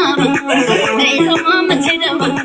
mama, raise a mama to the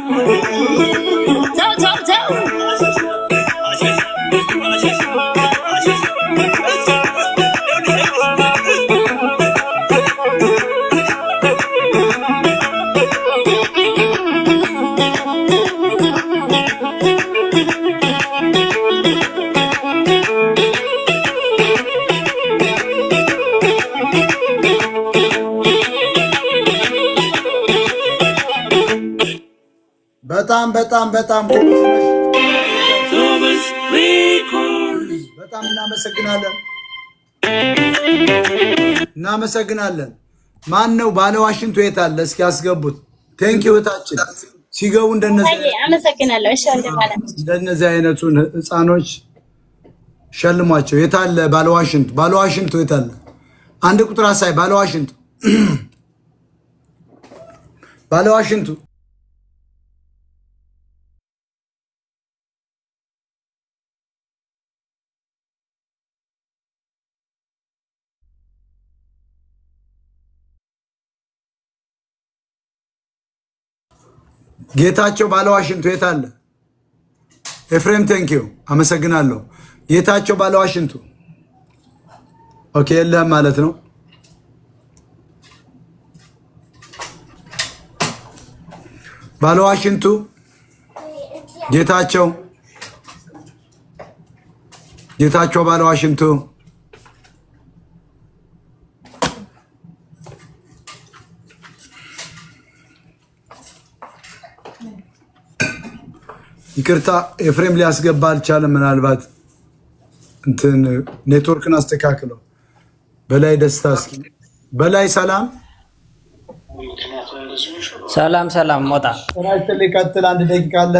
በጣም በጣም በጣም በጣም እናመሰግናለን እናመሰግናለን። ማን ነው ባለ ዋሽንቱ የት አለ? እስኪ ያስገቡት። ቴንኪ እህታችን ሲገቡ እንደነዚህ አይነቱን ህፃኖች ሸልሟቸው። የት አለ ባለ ዋሽንቱ? ባለ ዋሽንቱ የት አለ? አንድ ቁጥር አሳይ ባለ ዋሽንቱ ባለ ዋሽንቱ ጌታቸው ባለ ዋሽንቱ የት አለ? ኤፍሬም ዩ አመሰግናለሁ። ጌታቸው ባለ ዋሽንቱ ኦኬ፣ የለህም ማለት ነው። ባለ ዋሽንቱ ጌታቸው ጌታቸው ባለ ዋሽንቱ ይቅርታ ኤፍሬም ሊያስገባ አልቻለም። ምናልባት እንትን ኔትወርክን አስተካክለው። በላይ ደስታ እስኪ በላይ ሰላም ሰላም ሰላም ሞጣ ራይትል ቀጥል አንድ ደቂቃ አለ።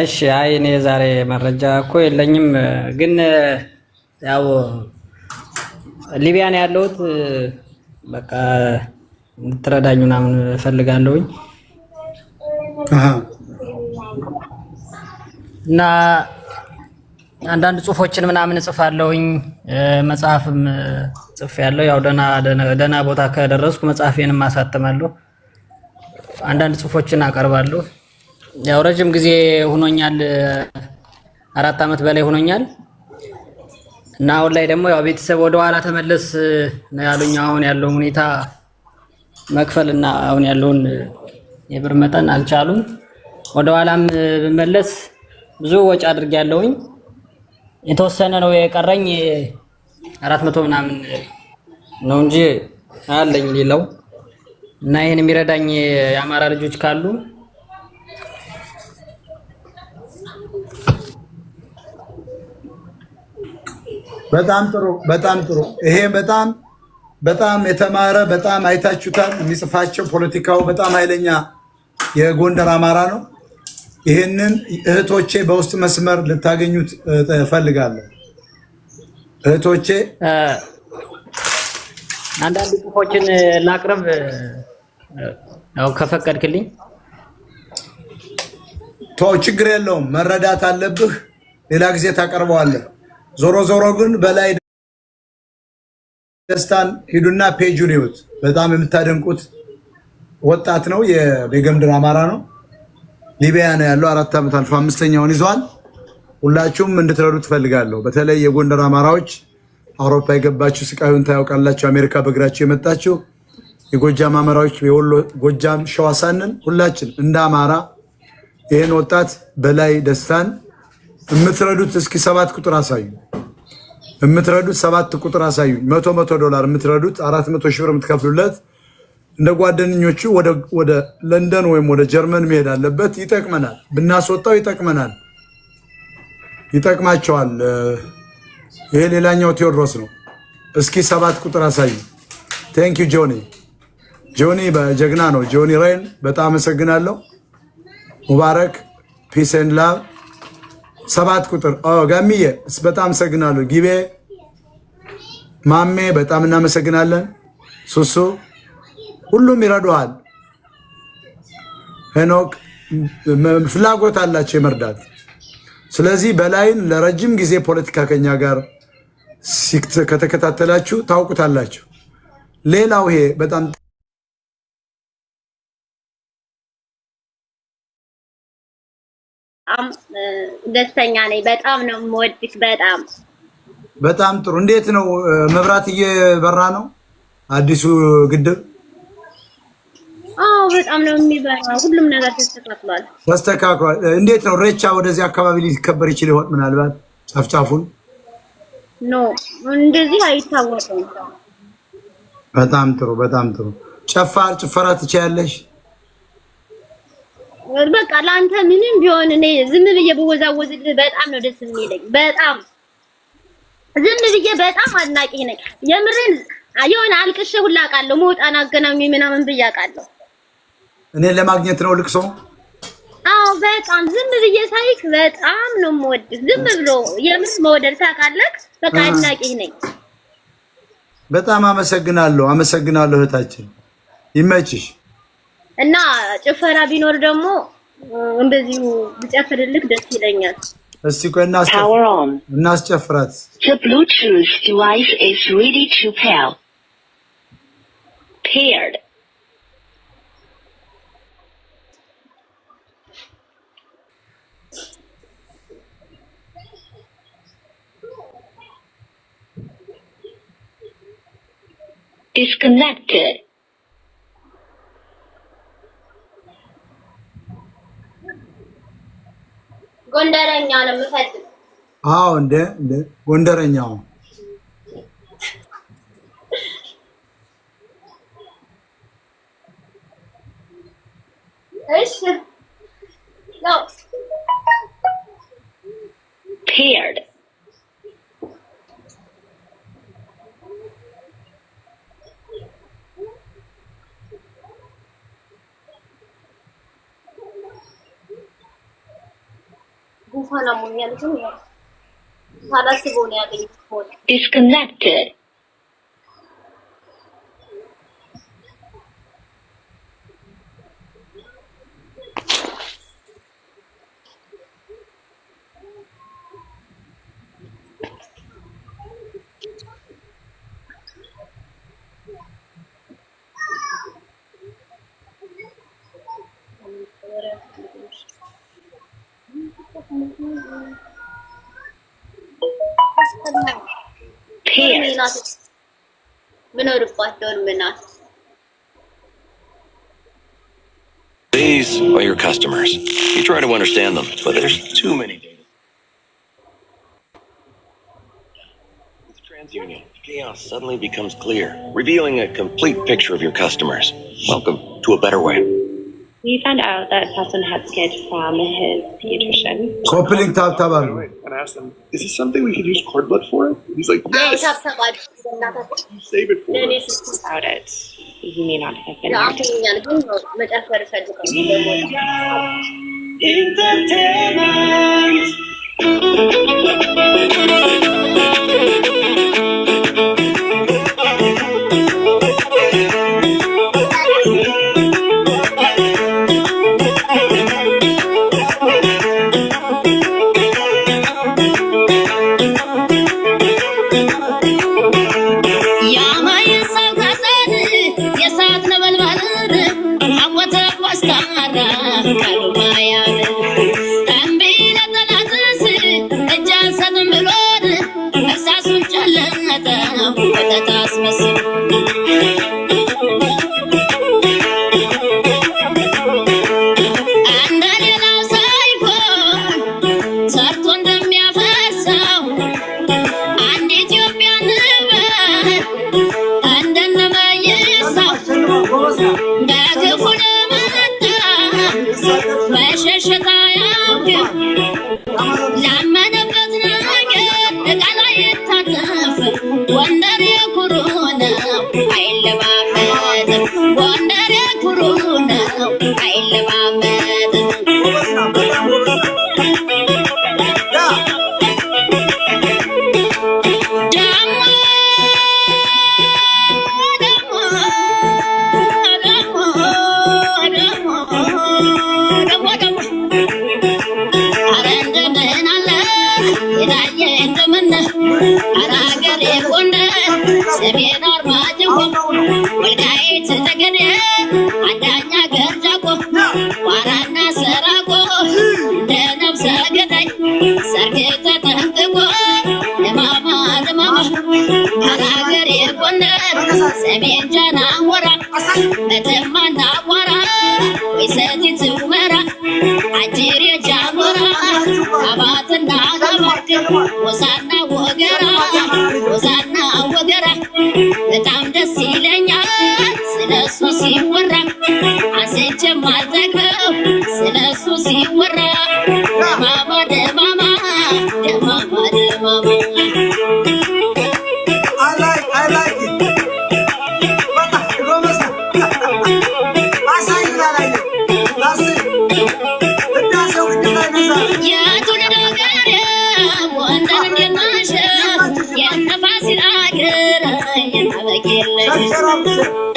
እሺ። አይ እኔ ዛሬ መረጃ እኮ የለኝም፣ ግን ያው ሊቢያን ያለሁት በቃ እንድትረዳኝ ምናምን እፈልጋለሁኝ። እና አንዳንድ ጽሁፎችን ምናምን እጽፍ መጽሐፍም ጽፍ ያለው ያው ደህና ቦታ ከደረስኩ መጽሐፌንም አሳትማለሁ። አንዳንድ ጽሁፎችን አቀርባለሁ። ያው ረጅም ጊዜ ሆኖኛል፣ አራት አመት በላይ ሆኖኛል እና አሁን ላይ ደግሞ ያው ቤተሰብ ወደኋላ ተመለስ ነው ያሉኝ። አሁን ያለውን ሁኔታ መክፈል እና አሁን ያለውን የብር መጠን አልቻሉም። ወደኋላም ብመለስ ብዙ ወጪ ያለውኝ የተወሰነ ነው የቀረኝ አራት መቶ ምናምን ነው እንጂ አለኝ ሌላው እና ይህን የሚረዳኝ የአማራ ልጆች ካሉ በጣም ጥሩ በጣም ጥሩ። ይሄ በጣም በጣም የተማረ በጣም አይታችሁታል የሚጽፋቸው ፖለቲካው በጣም ኃይለኛ የጎንደር አማራ ነው። ይህንን እህቶቼ በውስጥ መስመር ልታገኙት እፈልጋለሁ። እህቶቼ አንዳንድ ጽሁፎችን ላቅርብ ከፈቀድክልኝ። ቶ ችግር የለውም መረዳት አለብህ። ሌላ ጊዜ ታቀርበዋለህ። ዞሮ ዞሮ ግን በላይ ደስታን ሂዱና ፔጁን ይዩት። በጣም የምታደንቁት ወጣት ነው። የቤገምድር አማራ ነው። ሊቢያ ነው ያለው። አራት ዓመት አልፎ አምስተኛውን ይዟል። ሁላችሁም እንድትረዱ ትፈልጋለሁ። በተለይ የጎንደር አማራዎች አውሮፓ የገባችሁ ስቃዩን ታያውቃላችሁ። አሜሪካ በእግራችሁ የመጣችሁ የጎጃም አማራዎች፣ የወሎ ጎጃም፣ ሸዋሳንን ሁላችን እንደ አማራ ይህን ወጣት በላይ ደስታን የምትረዱት እስኪ ሰባት ቁጥር አሳዩ። የምትረዱት ሰባት ቁጥር አሳዩ። መቶ መቶ ዶላር የምትረዱት አራት መቶ ሺህ ብር የምትከፍሉለት እንደ ጓደኞቹ ወደ ለንደን ወይም ወደ ጀርመን መሄድ አለበት። ይጠቅመናል፣ ብናስወጣው ይጠቅመናል፣ ይጠቅማቸዋል። ይሄ ሌላኛው ቴዎድሮስ ነው። እስኪ ሰባት ቁጥር አሳይ ቴንክ ዩ ጆኒ። ጆኒ በጀግና ነው። ጆኒ ሬን በጣም አመሰግናለሁ። ሙባረክ ፒስ ኤንድ ላቭ። ሰባት ቁጥር ጋሚዬ በጣም አመሰግናለሁ። ጊቤ ማሜ በጣም እናመሰግናለን። ሱሱ ሁሉም ይረዳዋል። ሄኖክ ፍላጎት አላቸው የመርዳት። ስለዚህ በላይን ለረጅም ጊዜ ፖለቲካ ከኛ ጋር ከተከታተላችሁ ታውቁታላችሁ። ሌላው ይሄ በጣም ደስተኛ ነኝ። በጣም ነው የምወድሽ። በጣም በጣም ጥሩ። እንዴት ነው መብራት እየበራ ነው አዲሱ ግድብ? አዎ በጣም ነው የሚበራ። ሁሉም ነገር ተስተካክሏል ተስተካክሏል። እንዴት ነው ሬቻ ወደዚህ አካባቢ ሊከበር ይችል ይሆን? ምናልባት ጫፍጫፉን ኖ እንደዚህ አይታወቅም። በጣም ጥሩ በጣም ጥሩ። ጨፋር ጭፈራ ትችያለሽ? በቃ ለአንተ ምንም ቢሆን እኔ ዝም ብዬ ብወዛወዝልህ በጣም ነው ደስ የሚለኝ። በጣም ዝም ብዬ በጣም አድናቂ ነኝ። የምሬን የሆነ አልቅሼ ሁላ አውቃለሁ። መውጣን አገናኙ ምናምን ብዬ አውቃለሁ። እኔን ለማግኘት ነው ልቅሶ? አዎ በጣም ዝም ብዬ ሳይክ በጣም ነው የምወድ። ዝም ብሎ የምን መወደድ ታውቃለህ። በቃ አድናቂ ነኝ። በጣም አመሰግናለሁ፣ አመሰግናለሁ እህታችን፣ ይመችሽ። እና ጭፈራ ቢኖር ደግሞ እንደዚሁ ብጨፍርልክ ደስ ይለኛል። እስቲ ቆይ እናስጨፍራት። ብሉቱዝ ዲቫይስ ኢዝ ሬዲ ቱ ፔር ፔርድ disconnected ጎንደረኛ ነው የምፈልግ። አዎ እንደ ጎንደረኛው እሺ ነው ጉንፋን አሞኛል ግን ሳላስበው ነው ያገኘሁት። ዲስክናክት These are your customers. You try to understand them, but there's too many data. With TransUnion, chaos suddenly becomes clear, revealing a complete picture of your customers. Welcome to a better way. We found out that Sasson had skid from his pediatrician asked him, "Is this something we could use cord blood for?" he's like, "Yes." I cut blood. You save it for no, us. about it. You may not have been. No, Entertainment. sa harang I love ሰሜን አርማጭሆ ወልቃይት ጠገዴ አዳኛ ገርጃቆ ዋራና ሰራቆ እንደ ነብሰ ገዳይ ሰርግ ተጠንቅቆ ለማማ ለማማ አላገሬ ጎንደር ሁመራ አባትና አባርክ ወገራ በጣም ደስ ይለኛል ሲወራ አንስቼ ማልጠግብ ስለሱ ሲወራ ደማ I us get up.